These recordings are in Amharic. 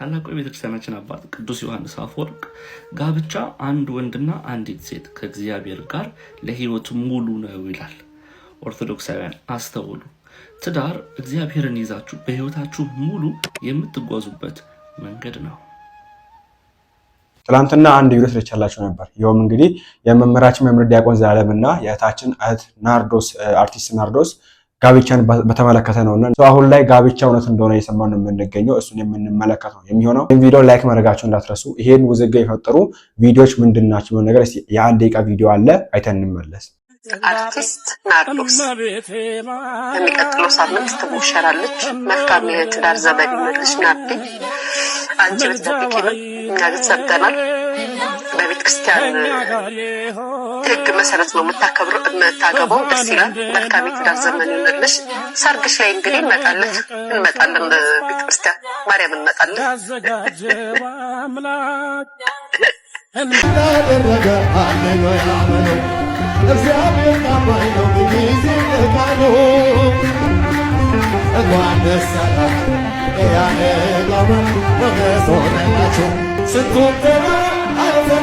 ታላቁ የቤተክርስቲያናችን አባት ቅዱስ ዮሐንስ አፈወርቅ ጋብቻ አንድ ወንድና አንዲት ሴት ከእግዚአብሔር ጋር ለሕይወት ሙሉ ነው ይላል። ኦርቶዶክሳውያን አስተውሉ። ትዳር እግዚአብሔርን ይዛችሁ በሕይወታችሁ ሙሉ የምትጓዙበት መንገድ ነው። ትላንትና አንድ ቪዲዮ ስለቻላችሁ ነበር። ይኸውም እንግዲህ የመምህራችን መምህር ዲያቆን ዘላለምና የእህታችን እህት ናርዶስ አርቲስት ናርዶስ ጋብቻን በተመለከተ ነው እና አሁን ላይ ጋብቻ እውነት እንደሆነ እየሰማን ነው የምንገኘው። እሱን የምንመለከት ነው የሚሆነው። ይህን ቪዲዮ ላይክ ማድረጋቸው እንዳትረሱ። ይሄን ውዝግብ የፈጠሩ ቪዲዮዎች ምንድን ናቸው የሚሆን ነገር የአንድ ደቂቃ ቪዲዮ አለ፣ አይተን እንመለስ። አርቲስት ናርዶስ የሚቀጥለው ሳምንት ትሞሸራለች። መልካም የትዳር ዘመን ይመልሽ ናርዲ። አንቺ ብትጠብቂ እኛ ግን ሰምተናል ክርስቲያን ህግ መሰረት ነው የምታከብረው የምታገባው። ደስ ይላል። መልካም የትዳር ዘመን ይሆንልሽ። ሰርግሽ ላይ እንግዲህ እንመጣለን እንመጣለን፣ ቤተ ክርስቲያን ማርያም እንመጣለን። እግዚአብሔር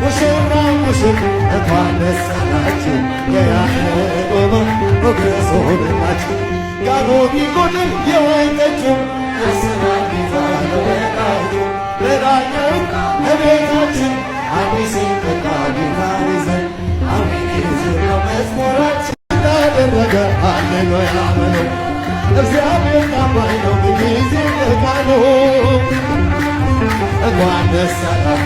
ሙሽራ ሙሽር እንኳን ደስ አላችሁ የያዕቆብ ሞገስ ሆነላችሁ ጋኖ ቢጎድል የወይን ጠጁ አሰናቢታ ለወቃቱ ለዳኛው ለቤታችን እግዚአብሔር ታማኝ ነው እንኳን ደስ አላችሁ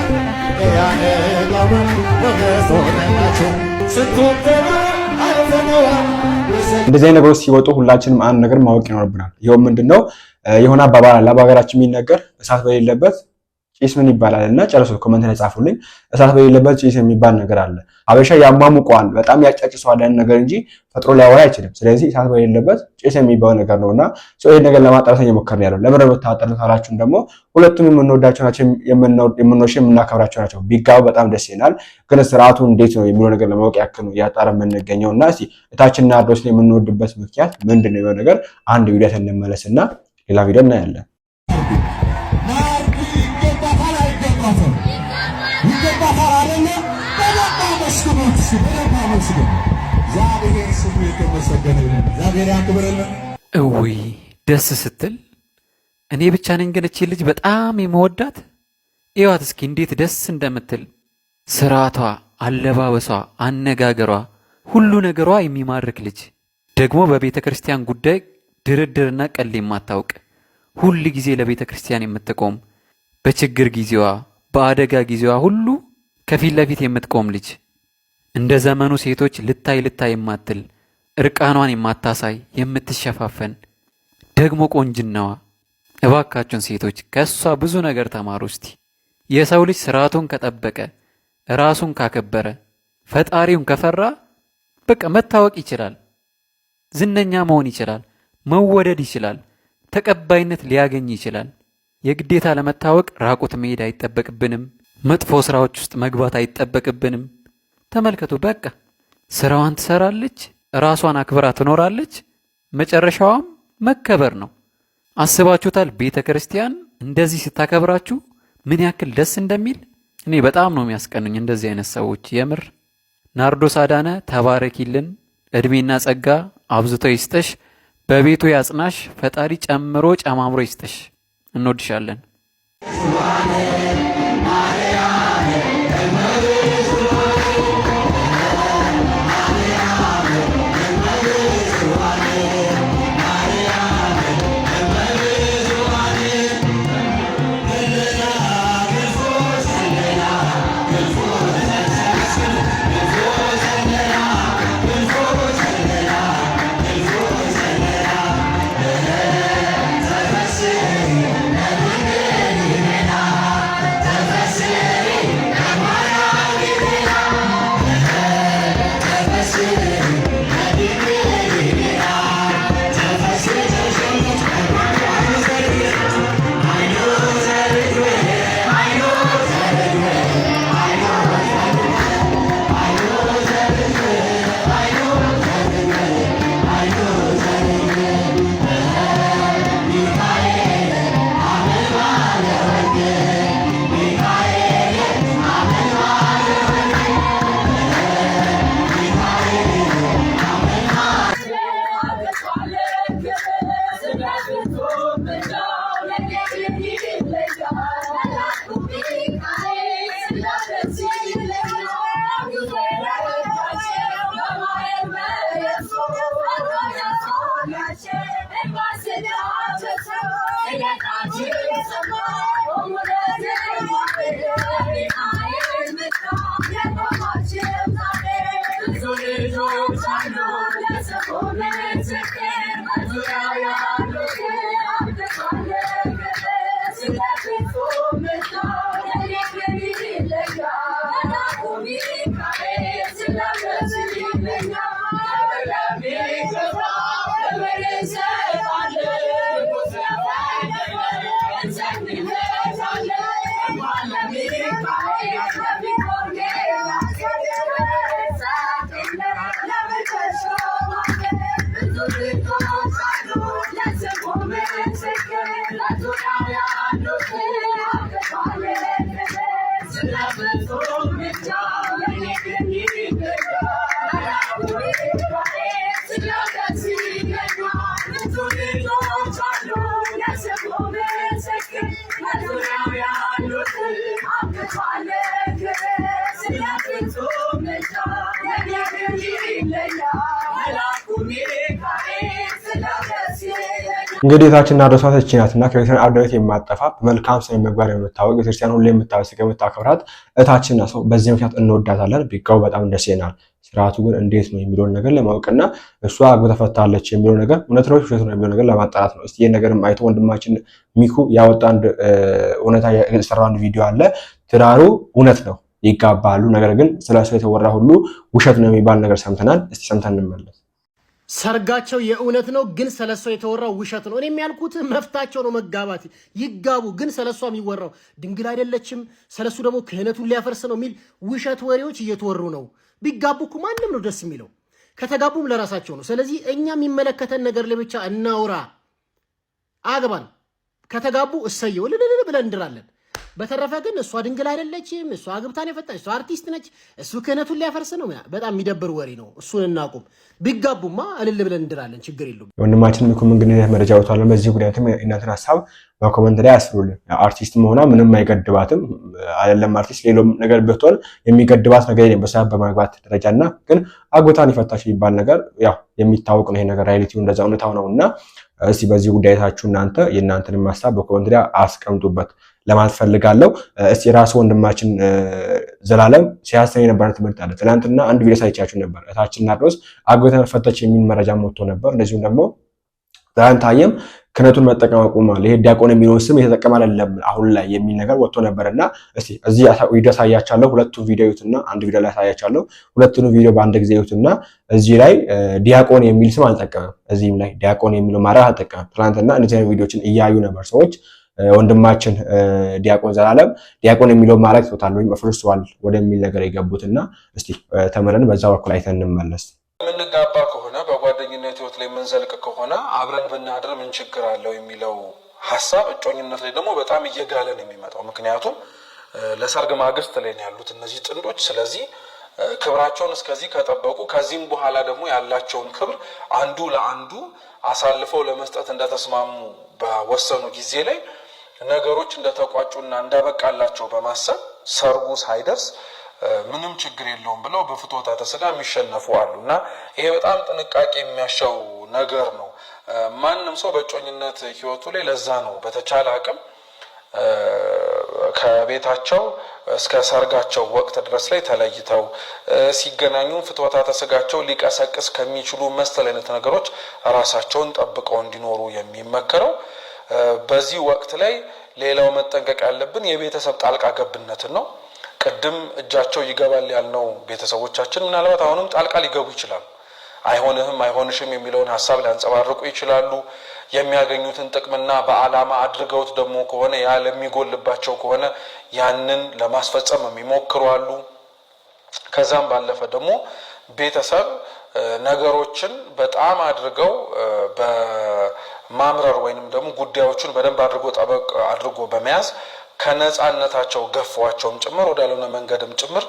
እንደዚህ ነገሮች ሲወጡ ሁላችንም አንድ ነገር ማወቅ ይኖርብናል። ይኸው ምንድን ነው የሆነ አባባል አለ በሀገራችን የሚነገር እሳት በሌለበት ጭስ ምን ይባላል እና ጨርሶ ኮመንት ላይ ጻፉልኝ። እሳት በሌለበት ጭስ የሚባል ነገር አለ። አበሻ ያሟሙቀዋል፣ በጣም ያጫጭሰዋል ያን ነገር እንጂ ፈጥሮ ሊያወራ አይችልም። ስለዚህ እሳት በሌለበት ጭስ የሚባል ነገር ነው እና ይህን ነገር ለማጣራት እየሞከርን ያለው ለምን በታጠር ካላችሁን ደግሞ ሁለቱም የምንወዳቸው ናቸው፣ የምንወሽ የምናከብራቸው ናቸው። ቢጋቡ በጣም ደስ ይናል፣ ግን ስርዓቱ እንዴት ነው የሚለው ነገር ለማወቅ ያክል ነው እያጣረ የምንገኘው እና እስኪ እታችንና አርዶስን የምንወድበት ምክንያት ምንድን ነው የሚለው ነገር አንድ ቪዲዮ እንመለስና ሌላ ቪዲዮ እናያለን። በሞት በለፋኖስ ግን እግዚአብሔር ስሙ የተመሰገነ ይሁን። እግዚአብሔር ያክብርልን። እውይ ደስ ስትል እኔ ብቻ ነኝ ግን እቺ ልጅ በጣም የመወዳት እዋት እስኪ እንዴት ደስ እንደምትል ስርዓቷ፣ አለባበሷ፣ አነጋገሯ፣ ሁሉ ነገሯ የሚማርክ ልጅ ደግሞ በቤተ ክርስቲያን ጉዳይ ድርድርና ቀል የማታውቅ ሁል ጊዜ ለቤተ ክርስቲያን የምትቆም በችግር ጊዜዋ በአደጋ ጊዜዋ ሁሉ ከፊት ለፊት የምትቆም ልጅ እንደ ዘመኑ ሴቶች ልታይ ልታይ የማትል እርቃኗን የማታሳይ የምትሸፋፈን ደግሞ ቆንጅናዋ። እባካችን ሴቶች ከእሷ ብዙ ነገር ተማሩ እስቲ። የሰው ልጅ ስርዓቱን ከጠበቀ ራሱን ካከበረ ፈጣሪውን ከፈራ በቃ መታወቅ ይችላል፣ ዝነኛ መሆን ይችላል፣ መወደድ ይችላል፣ ተቀባይነት ሊያገኝ ይችላል። የግዴታ ለመታወቅ ራቁት መሄድ አይጠበቅብንም። መጥፎ ስራዎች ውስጥ መግባት አይጠበቅብንም። ተመልከቱ። በቃ ስራዋን ትሰራለች፣ ራሷን አክብራ ትኖራለች፣ መጨረሻዋም መከበር ነው። አስባችሁታል? ቤተ ክርስቲያን እንደዚህ ስታከብራችሁ ምን ያክል ደስ እንደሚል። እኔ በጣም ነው የሚያስቀኑኝ እንደዚህ አይነት ሰዎች የምር። ናርዶስ አዳነ ተባረኪልን፣ እድሜና ጸጋ አብዝቶ ይስጠሽ፣ በቤቱ ያጽናሽ፣ ፈጣሪ ጨምሮ ጨማምሮ ይስጠሽ። እንወድሻለን። Thank you. Make a እንግዲህ የታችንና ደሷ ተችናት እና ከቤተክርስቲያን አርዳዊት የማጠፋ በመልካም ስነ ምግባር የምታወቅ ቤተክርስቲያን ሁሉ የምታወስቅ የምታከብራት እታችን ና ሰው በዚህ ምክንያት እንወዳታለን። ቢጋው በጣም ደስ ይለናል። ስርዓቱ ግን እንዴት ነው የሚለውን ነገር ለማወቅና እሷ አግብታ ተፈታለች የሚለው ነገር እውነት ነው ውሸት ነው የሚለው ነገር ለማጣራት ነው። እስኪ ይህን ነገርም አይቶ ወንድማችን ሚኩ ያወጣ አንድ እውነታ የተሰራ አንድ ቪዲዮ አለ። ትዳሩ እውነት ነው ይጋባሉ፣ ነገር ግን ስለ ሰው የተወራ ሁሉ ውሸት ነው የሚባል ነገር ሰምተናል። እስቲ ሰምተን እንመለስ። ሰርጋቸው የእውነት ነው፣ ግን ስለሷ የተወራው ውሸት ነው። እኔ የሚያልኩት መፍታቸው ነው መጋባት፣ ይጋቡ። ግን ስለሷ የሚወራው ድንግል አይደለችም፣ ስለሱ ደግሞ ክህነቱን ሊያፈርስ ነው የሚል ውሸት ወሬዎች እየተወሩ ነው። ቢጋቡ እኮ ማንም ነው ደስ የሚለው፣ ከተጋቡም ለራሳቸው ነው። ስለዚህ እኛ የሚመለከተን ነገር ላይ ብቻ እናውራ። አግባን ከተጋቡ እሰየው ልልል ብለን እንድራለን። በተረፈ ግን እሷ ድንግል አይደለችም፣ እሷ አግብታን የፈታች እሷ አርቲስት ነች፣ እሱ ክህነቱን ሊያፈርስ ነው። በጣም የሚደብር ወሬ ነው። እሱን እናቁም። ቢጋቡማ እልል ብለን እንድራለን። ችግር የለውም። ወንድማችን ምኩም እንግዲህ መረጃ ወጥቷል በዚህ ጉዳይም እናትን ሀሳብ በኮመንት ላይ አስሩልን። አርቲስት መሆኗ ምንም አይገድባትም። አይደለም አርቲስት ሌሎም ነገር ብትሆን የሚገድባት ነገር የለም። በሰ በማግባት ደረጃ እና ግን አጎታን ይፈታች የሚባል ነገር ያው የሚታወቅ ነው። ይሄ ነገር ሪያሊቲው እንደዛ እውነታው ነው እና እስቲ በዚህ ጉዳይታችሁ እናንተ የእናንተንም ሀሳብ በኮመንት ላይ አስቀምጡበት። ለማለት ፈልጋለሁ። እስቲ ራሱ ወንድማችን ዘላለም ሲያስተን የነበረ ትምህርት አለ። ትናንትና አንድ ቪዲዮ ሳይቻችሁ ነበር። እታችን ናርዶስ አጎቷን ፈተች የሚል መረጃ ሞቶ ነበር። እንደዚሁም ደግሞ ዛን አየም ክህነቱን መጠቀም አቁሟል፣ ይሄ ዲያቆን የሚለውን ስም የተጠቀመ አይደለም አሁን ላይ የሚል ነገር ወጥቶ ነበር እና እስቲ እዚህ ቪዲዮ ሳያቻለሁ። ሁለቱን ቪዲዮ ይዩትና አንድ ቪዲዮ ላይ ሳያቻለሁ። ሁለቱን ቪዲዮ በአንድ ጊዜ ይዩትና እዚህ ላይ ዲያቆን የሚል ስም አልጠቀምም። እዚህም ላይ ዲያቆን የሚለው ማራ አልጠቀምም። ትናንትና እንደዚህ ቪዲዮችን እያዩ ነበር ሰዎች ወንድማችን ዲያቆን ዘላለም ዲያቆን የሚለው ማለት ቶታል ወይም ፍርሷል ወደሚል ነገር የገቡትና እስቲ ተምረን በዛ በኩል አይተን እንመለስ። የምንጋባ ከሆነ በጓደኝነት ህይወት ላይ የምንዘልቅ ከሆነ አብረን ብናድር ምን ችግር አለው የሚለው ሀሳብ እጮኝነት ላይ ደግሞ በጣም እየጋለ ነው የሚመጣው። ምክንያቱም ለሰርግ ማግስት ላይ ነው ያሉት እነዚህ ጥንዶች። ስለዚህ ክብራቸውን እስከዚህ ከጠበቁ ከዚህም በኋላ ደግሞ ያላቸውን ክብር አንዱ ለአንዱ አሳልፈው ለመስጠት እንደተስማሙ በወሰኑ ጊዜ ላይ ነገሮች እንደተቋጩና እንዳበቃላቸው በማሰብ ሰርጉ ሳይደርስ ምንም ችግር የለውም ብለው በፍትወተ ሥጋ የሚሸነፉ አሉ እና ይሄ በጣም ጥንቃቄ የሚያሻው ነገር ነው። ማንም ሰው በእጮኝነት ህይወቱ ላይ ለዛ ነው በተቻለ አቅም ከቤታቸው እስከ ሰርጋቸው ወቅት ድረስ ላይ ተለይተው ሲገናኙ ፍትወታተ ስጋቸው ሊቀሰቅስ ከሚችሉ መሰል አይነት ነገሮች ራሳቸውን ጠብቀው እንዲኖሩ የሚመከረው በዚህ ወቅት ላይ ሌላው መጠንቀቅ ያለብን የቤተሰብ ጣልቃ ገብነትን ነው። ቅድም እጃቸው ይገባል ያልነው ቤተሰቦቻችን ምናልባት አሁንም ጣልቃ ሊገቡ ይችላሉ። አይሆንህም አይሆንሽም የሚለውን ሀሳብ ሊያንጸባርቁ ይችላሉ። የሚያገኙትን ጥቅምና በዓላማ አድርገውት ደግሞ ከሆነ ያ ለሚጎልባቸው ከሆነ ያንን ለማስፈጸም የሚሞክሩ አሉ። ከዛም ባለፈ ደግሞ ቤተሰብ ነገሮችን በጣም አድርገው በማምረር ወይንም ደግሞ ጉዳዮቹን በደንብ አድርጎ ጠበቅ አድርጎ በመያዝ ከነጻነታቸው ገፏቸውም ጭምር ወዳልሆነ መንገድም ጭምር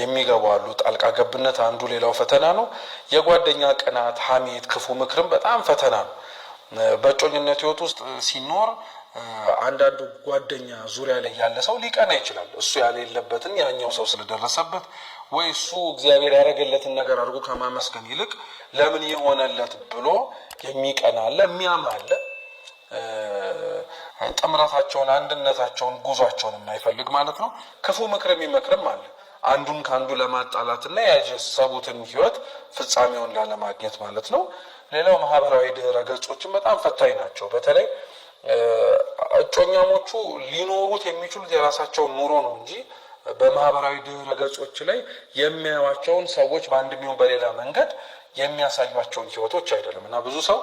የሚገቡ አሉ። ጣልቃ ገብነት አንዱ ሌላው ፈተና ነው። የጓደኛ ቅናት፣ ሐሜት፣ ክፉ ምክርም በጣም ፈተና ነው። በእጮኝነት ህይወት ውስጥ ሲኖር አንዳንዱ ጓደኛ ዙሪያ ላይ ያለ ሰው ሊቀና ይችላል። እሱ የለበትን ያኛው ሰው ስለደረሰበት ወይ እሱ እግዚአብሔር ያደረገለትን ነገር አድርጎ ከማመስገን ይልቅ ለምን የሆነለት ብሎ የሚቀና አለ፣ የሚያም አለ። ጥምረታቸውን፣ አንድነታቸውን፣ ጉዟቸውን የማይፈልግ ማለት ነው። ክፉ ምክር የሚመክርም አለ አንዱን ከአንዱ ለማጣላትና ያጀሰቡትን ህይወት ፍጻሜውን ላለማግኘት ማለት ነው። ሌላው ማህበራዊ ድህረ ገጾችን በጣም ፈታኝ ናቸው። በተለይ እጮኛሞቹ ሊኖሩት የሚችሉት የራሳቸውን ኑሮ ነው እንጂ በማህበራዊ ድረ ገጾች ላይ የሚያዩቸውን ሰዎች በአንድ ሚሆን በሌላ መንገድ የሚያሳዩቸውን ህይወቶች አይደለም እና ብዙ ሰው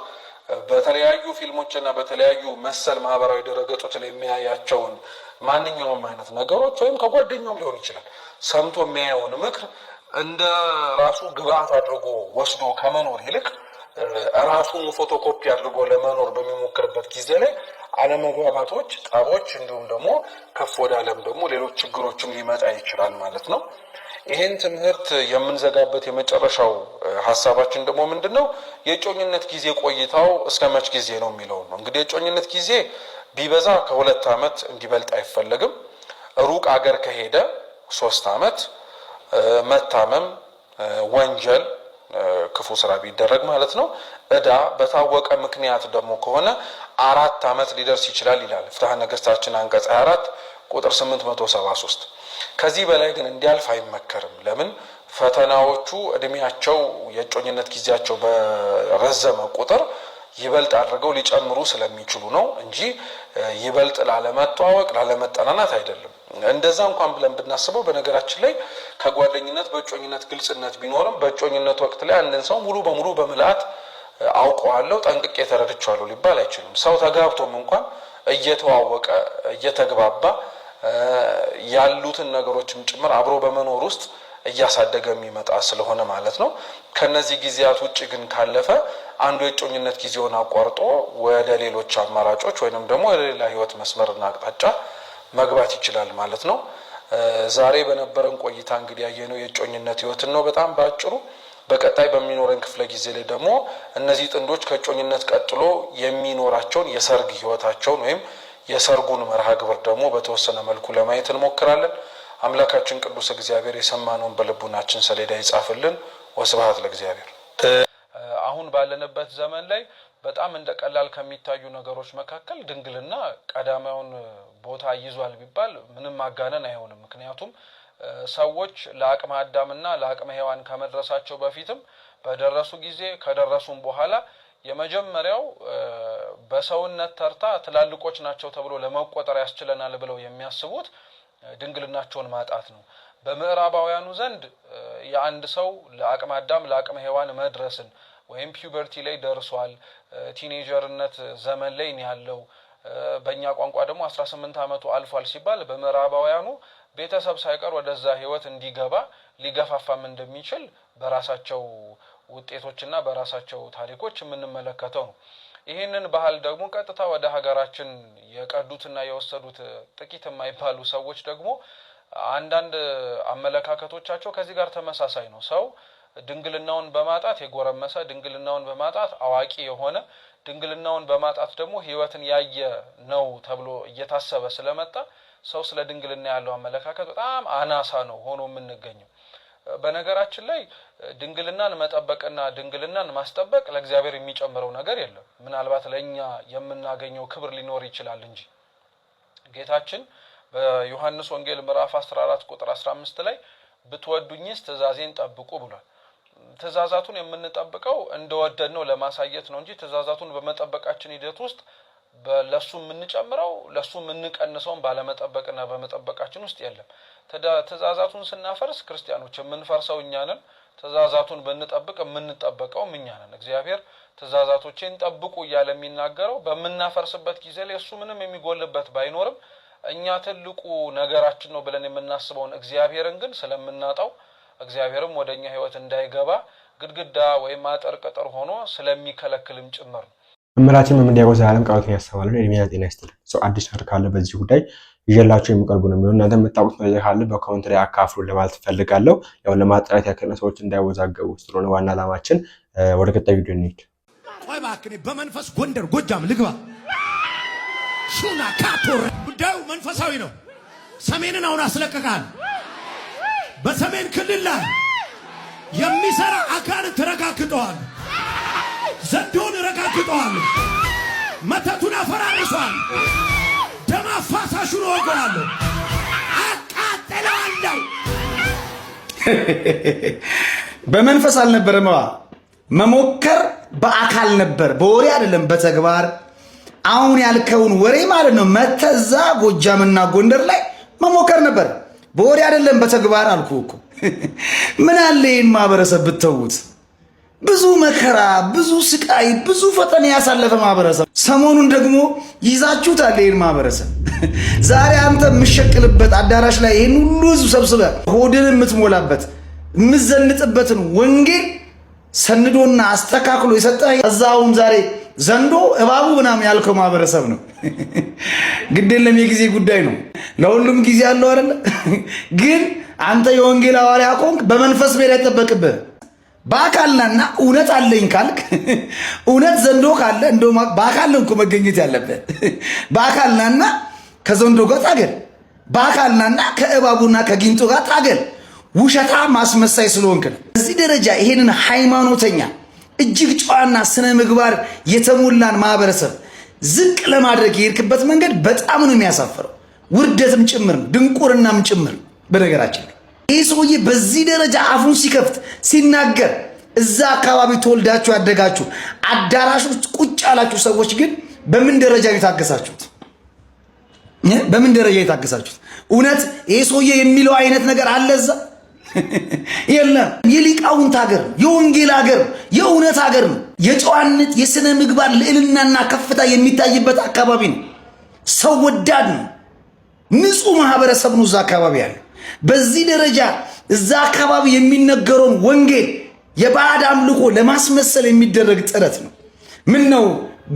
በተለያዩ ፊልሞች ና በተለያዩ መሰል ማህበራዊ ድረ ገጾች ላይ የሚያያቸውን ማንኛውም አይነት ነገሮች ወይም ከጓደኛውም ሊሆን ይችላል ሰምቶ የሚያየውን ምክር እንደ ራሱ ግብአት አድርጎ ወስዶ ከመኖር ይልቅ ራሱን ፎቶኮፒ አድርጎ ለመኖር በሚሞክርበት ጊዜ ላይ አለመግባባቶች፣ ጠቦች፣ እንዲሁም ደግሞ ከፍ ወደ አለም ደግሞ ሌሎች ችግሮችም ሊመጣ ይችላል ማለት ነው። ይህን ትምህርት የምንዘጋበት የመጨረሻው ሀሳባችን ደግሞ ምንድን ነው? የእጮኝነት ጊዜ ቆይታው እስከ መች ጊዜ ነው የሚለውን ነው። እንግዲህ የእጮኝነት ጊዜ ቢበዛ ከሁለት ዓመት እንዲበልጥ አይፈለግም። ሩቅ አገር ከሄደ ሶስት ዓመት፣ መታመም፣ ወንጀል፣ ክፉ ስራ ቢደረግ ማለት ነው። እዳ በታወቀ ምክንያት ደግሞ ከሆነ አራት ዓመት ሊደርስ ይችላል ይላል ፍትሐ ነገስታችን አንቀጽ 24 ቁጥር 873። ከዚህ በላይ ግን እንዲያልፍ አይመከርም። ለምን? ፈተናዎቹ እድሜያቸው የእጮኝነት ጊዜያቸው በረዘመ ቁጥር ይበልጥ አድርገው ሊጨምሩ ስለሚችሉ ነው እንጂ ይበልጥ ላለመተዋወቅ ላለመጠናናት አይደለም። እንደዛ እንኳን ብለን ብናስበው በነገራችን ላይ ከጓደኝነት በእጮኝነት ግልጽነት ቢኖርም በእጮኝነት ወቅት ላይ አንድን ሰው ሙሉ በሙሉ በምልአት አውቀዋለሁ ጠንቅቄ ተረድቼዋለሁ ሊባል አይችልም። ሰው ተጋብቶም እንኳን እየተዋወቀ እየተግባባ ያሉትን ነገሮችም ጭምር አብሮ በመኖር ውስጥ እያሳደገ የሚመጣ ስለሆነ ማለት ነው። ከነዚህ ጊዜያት ውጭ ግን ካለፈ አንዱ የእጮኝነት ጊዜውን አቋርጦ ወደ ሌሎች አማራጮች ወይንም ደግሞ ወደ ሌላ ህይወት መስመርና አቅጣጫ መግባት ይችላል ማለት ነው። ዛሬ በነበረን ቆይታ እንግዲህ ያየነው የእጮኝነት ህይወትን ነው በጣም በአጭሩ በቀጣይ በሚኖረን ክፍለ ጊዜ ላይ ደግሞ እነዚህ ጥንዶች ከእጮኝነት ቀጥሎ የሚኖራቸውን የሰርግ ህይወታቸውን ወይም የሰርጉን መርሃ ግብር ደግሞ በተወሰነ መልኩ ለማየት እንሞክራለን። አምላካችን ቅዱስ እግዚአብሔር የሰማነውን በልቡናችን ሰሌዳ ይጻፍልን። ወስብሐት ለእግዚአብሔር። አሁን ባለንበት ዘመን ላይ በጣም እንደ ቀላል ከሚታዩ ነገሮች መካከል ድንግልና ቀዳሚውን ቦታ ይዟል ቢባል ምንም ማጋነን አይሆንም። ምክንያቱም ሰዎች ለአቅመ አዳምና ለአቅመ ሔዋን ከመድረሳቸው በፊትም በደረሱ ጊዜ ከደረሱም በኋላ የመጀመሪያው በሰውነት ተርታ ትላልቆች ናቸው ተብሎ ለመቆጠር ያስችለናል ብለው የሚያስቡት ድንግልናቸውን ማጣት ነው። በምዕራባውያኑ ዘንድ የአንድ ሰው ለአቅመ አዳም ለአቅመ ሔዋን መድረስን ወይም ፒውበርቲ ላይ ደርሷል፣ ቲኔጀርነት ዘመን ላይ ያለው በእኛ ቋንቋ ደግሞ አስራ ስምንት ዓመቱ አልፏል ሲባል በምዕራባውያኑ ቤተሰብ ሳይቀር ወደዛ ህይወት እንዲገባ ሊገፋፋም እንደሚችል በራሳቸው ውጤቶችና በራሳቸው ታሪኮች የምንመለከተው ነው። ይህንን ባህል ደግሞ ቀጥታ ወደ ሀገራችን የቀዱትና የወሰዱት ጥቂት የማይባሉ ሰዎች ደግሞ አንዳንድ አመለካከቶቻቸው ከዚህ ጋር ተመሳሳይ ነው። ሰው ድንግልናውን በማጣት የጎረመሰ፣ ድንግልናውን በማጣት አዋቂ የሆነ ድንግልናውን በማጣት ደግሞ ህይወትን ያየ ነው ተብሎ እየታሰበ ስለመጣ ሰው ስለ ድንግልና ያለው አመለካከት በጣም አናሳ ነው ሆኖ የምንገኘው። በነገራችን ላይ ድንግልናን መጠበቅና ድንግልናን ማስጠበቅ ለእግዚአብሔር የሚጨምረው ነገር የለም። ምናልባት ለእኛ የምናገኘው ክብር ሊኖር ይችላል እንጂ ጌታችን በዮሐንስ ወንጌል ምዕራፍ 14 ቁጥር 15 ላይ ብትወዱኝስ ትእዛዜን ጠብቁ ብሏል። ትእዛዛቱን የምንጠብቀው እንደወደድ ነው ለማሳየት ነው እንጂ ትእዛዛቱን በመጠበቃችን ሂደት ውስጥ ለሱ የምንጨምረው ለሱ የምንቀንሰውን ባለመጠበቅና በመጠበቃችን ውስጥ የለም። ትእዛዛቱን ስናፈርስ ክርስቲያኖች የምንፈርሰው እኛንን፣ ትእዛዛቱን ብንጠብቅ የምንጠበቀውም እኛንን። እግዚአብሔር ትእዛዛቶቼን ጠብቁ እያለ የሚናገረው በምናፈርስበት ጊዜ ላይ እሱ ምንም የሚጎልበት ባይኖርም እኛ ትልቁ ነገራችን ነው ብለን የምናስበውን እግዚአብሔርን ግን ስለምናጣው እግዚአብሔርም ወደ እኛ ህይወት እንዳይገባ ግድግዳ ወይም አጥር ቅጥር ሆኖ ስለሚከለክልም ጭምር ነው። መምህራችን መምህር ዲያቆን ዘላለም ቃሎትን ያሰማልን እድሜና ጤና ይስጥልን። ሰው አዲስ ነገር ካለ በዚህ ጉዳይ ይዤላችሁ የሚቀርቡ ነው የሚሆን እናንተ የምታውቁት መረጃ ካለ በኮመንት ላይ አካፍሉ ለማለት እፈልጋለሁ። ያው ለማጥራት ያክል ሰዎች እንዳይወዛገቡ ስለሆነ ዋና ዓላማችን ወደ ቀጣይ ቪዲዮ እንሂድ። ቆይ እባክህ በመንፈስ ጎንደር ጎጃም ልግባ ሹና ካቶር ጉዳዩ መንፈሳዊ ነው። ሰሜንን አሁን አስለቅቃል። በሰሜን ክልል ላይ የሚሰራ አካል ረጋግጠዋል። ዘንዶውን ረጋግጠዋል። መተቱን አፈራርሷል። ደም አፋሳሹን ወገዋል። አቃጥለዋለሁ። በመንፈስ አልነበረም። መሞከር በአካል ነበር፣ በወሬ አይደለም፣ በተግባር አሁን ያልከውን ወሬ ማለት ነው። መተዛ ጎጃምና ጎንደር ላይ መሞከር ነበር። በወሬ አይደለም በተግባር አልኩ እኮ። ምን አለ ይህን ማህበረሰብ ብትተዉት። ብዙ መከራ፣ ብዙ ስቃይ፣ ብዙ ፈተና ያሳለፈ ማህበረሰብ። ሰሞኑን ደግሞ ይዛችሁታል ይህን ማህበረሰብ። ዛሬ አንተ የምሸቅልበት አዳራሽ ላይ ይህን ሁሉ ህዝብ ሰብስበ ሆድን የምትሞላበት የምዘንጥበትን ወንጌል ሰንዶና አስተካክሎ የሰጠ እዛውም ዛሬ ዘንዶ እባቡ ምናምን ያልከው ማህበረሰብ ነው። ግድ የለም የጊዜ ጉዳይ ነው። ለሁሉም ጊዜ አለው አይደለ? ግን አንተ የወንጌል ሐዋርያ ቆንክ በመንፈስ ቤት አይጠበቅብህ። በአካልናና እውነት አለኝ ካልክ እውነት ዘንዶ ካለ እንደ በአካል ነው እኮ መገኘት ያለብህ። በአካልናና ከዘንዶ ጋር ታገል። በአካልናና ከእባቡና ከጊንጦ ጋር ታገል። ውሸታ ማስመሳይ ስለሆንክ ነው። እዚህ ደረጃ ይሄንን ሃይማኖተኛ እጅግ ጨዋና ስነ ምግባር የተሞላን ማህበረሰብ ዝቅ ለማድረግ የሄድክበት መንገድ በጣም ነው የሚያሳፍረው። ውርደትም ጭምር ድንቁርናም ጭምር በነገራችን ይህ ሰውዬ በዚህ ደረጃ አፉን ሲከፍት ሲናገር፣ እዛ አካባቢ ተወልዳችሁ ያደጋችሁ አዳራሽ ውስጥ ቁጭ ያላችሁ ሰዎች ግን በምን ደረጃ የታገሳችሁት? በምን ደረጃ የታገሳችሁት? እውነት ይህ ሰውዬ የሚለው አይነት ነገር አለ እዛ የለም የሊቃውንት ሀገር፣ የወንጌል ሀገር፣ የእውነት ሀገር ነው። የጨዋነት የሥነ ምግባር ልዕልናና ከፍታ የሚታይበት አካባቢ ነው። ሰው ወዳድ ነው። ንጹህ ማህበረሰብ ነው እዛ አካባቢ ያለ። በዚህ ደረጃ እዛ አካባቢ የሚነገረውን ወንጌል የባዕድ አምልኮ ለማስመሰል የሚደረግ ጥረት ነው። ምን ነው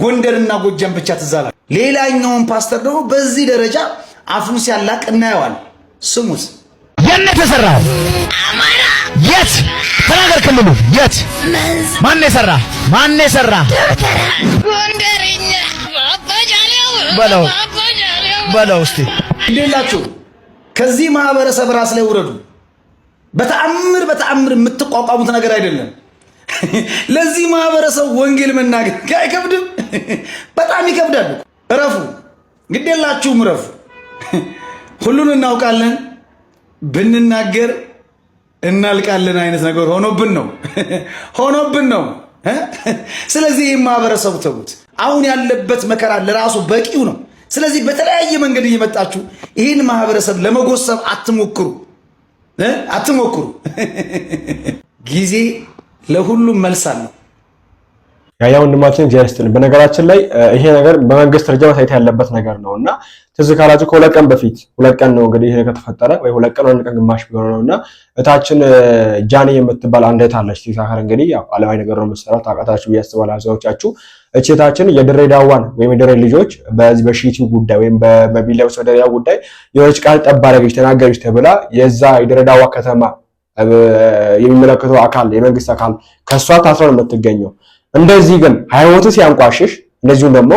ጎንደርና ጎጃም ብቻ ትዛላ። ሌላኛውን ፓስተር ደግሞ በዚህ ደረጃ አፍኑ ሲያላቅ እናየዋል። ስሙስ ገነት የሰራህ የት ተናገር። ክልሉ የት? ማን የሰራ? ማን የሰራ? በለው በለው። እስቲ እንዴላችሁ ከዚህ ማህበረሰብ ራስ ላይ ውረዱ። በተአምር በተአምር የምትቋቋሙት ነገር አይደለም። ለዚህ ማህበረሰብ ወንጌል መናገር አይከብድም። በጣም ይከብዳል። እረፉ፣ ግዴላችሁም እረፉ። ሁሉን እናውቃለን። ብንናገር እናልቃለን አይነት ነገር ሆኖብን ነው ሆኖብን ነው። ስለዚህ ይህ ማህበረሰቡ ተዉት። አሁን ያለበት መከራ ለራሱ በቂው ነው። ስለዚህ በተለያየ መንገድ እየመጣችሁ ይህን ማህበረሰብ ለመጎሰብ አትሞክሩ አትሞክሩ። ጊዜ ለሁሉም መልስ አለው። ያያ ወንድማችን ጀስትን በነገራችን ላይ ይሄ ነገር በመንግስት ደረጃ መታየት ያለበት ነገር ነው እና ትዝ ካላችሁ ከሁለት ቀን በፊት ሁለት ቀን ነው እንግዲህ ይሄ ከተፈጠረ ወይ ሁለት ቀን አንድ ቀን ግማሽ ቢሆን ነው እና እታችን ጃኒ የምትባል አንድ እህት አለች። ቲክቶከር እንግዲህ ያው አለማዊ ነገር ነው የምትሰራው ታውቃታችሁ ብዬ አስባለሁ አብዛኞቻችሁ። እቺ እህታችን የድሬዳዋን ወይም የድሬ ልጆች በዚህ በሺቲ ጉዳይ ወይም በመቢላ ወሰደሪያ ጉዳይ የሆነች ቃል ጠብ አደረገች ተናገረች ተብላ የዛ የድሬዳዋ ከተማ የሚመለከተው አካል የመንግስት አካል ከእሷ ታስራ ነው የምትገኘው እንደዚህ ግን ሃይወቱ ሲያንቋሽሽ እንደዚሁም ደግሞ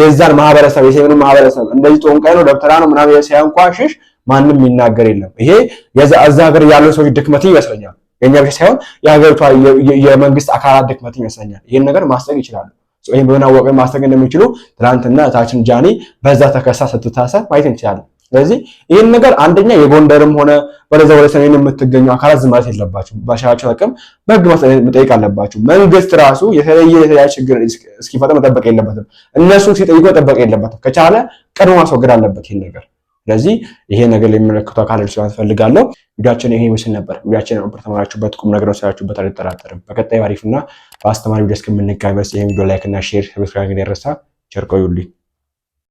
የዛን ማህበረሰብ የሰሜኑ ማህበረሰብ እንደዚህ ጦንቃይ ነው ደብተራ ነው ምናምን ሲያንቋሽሽ ማንም የሚናገር የለም። ይሄ እዛ ሀገር ያሉ ሰዎች ድክመት ይመስለኛል። የኛ ብቻ ሳይሆን የሀገሪቷ የመንግስት አካላት ድክመት ይመስለኛል። ይህን ነገር ማስጠግ ይችላሉ። ይህ በሆነ አወቀ ማስጠግ እንደሚችሉ ትናንትና እታችን ጃኒ በዛ ተከሳ ስትታሰር ማየት እንችላለን። ስለዚህ ይህን ነገር አንደኛ የጎንደርም ሆነ ወደዛ ወደ ሰሜን የምትገኙ አካላት ዝም የለባችሁ። በሻቸው አቅም በህግ መጠየቅ አለባችሁ። መንግስት ራሱ የተለየ የተለያ ችግር እስኪፈጠር መጠበቅ የለበትም። እነሱ ሲጠይቁ መጠበቅ የለበትም። ከቻለ ቀድሞ ማስወገድ አለበት ይህን ነገር። ስለዚህ ይሄ ነገር የሚመለከቱ አካል ስ ትፈልጋለሁ። ቪዲዮችን ይሄ ይመስል ነበር። ቪዲዮችን ነበር ተማራችሁበት፣ ቁም ነገር ወሰዳችሁበት አልጠራጠርም። በቀጣይ አሪፍና በአስተማሪ ቪዲዮ እስከምንገናኝ ድረስ ይህን ቪዲዮ ላይክ እና ሼር ሰብስክራይብ ያረሳ ቸር ቆዩልኝ።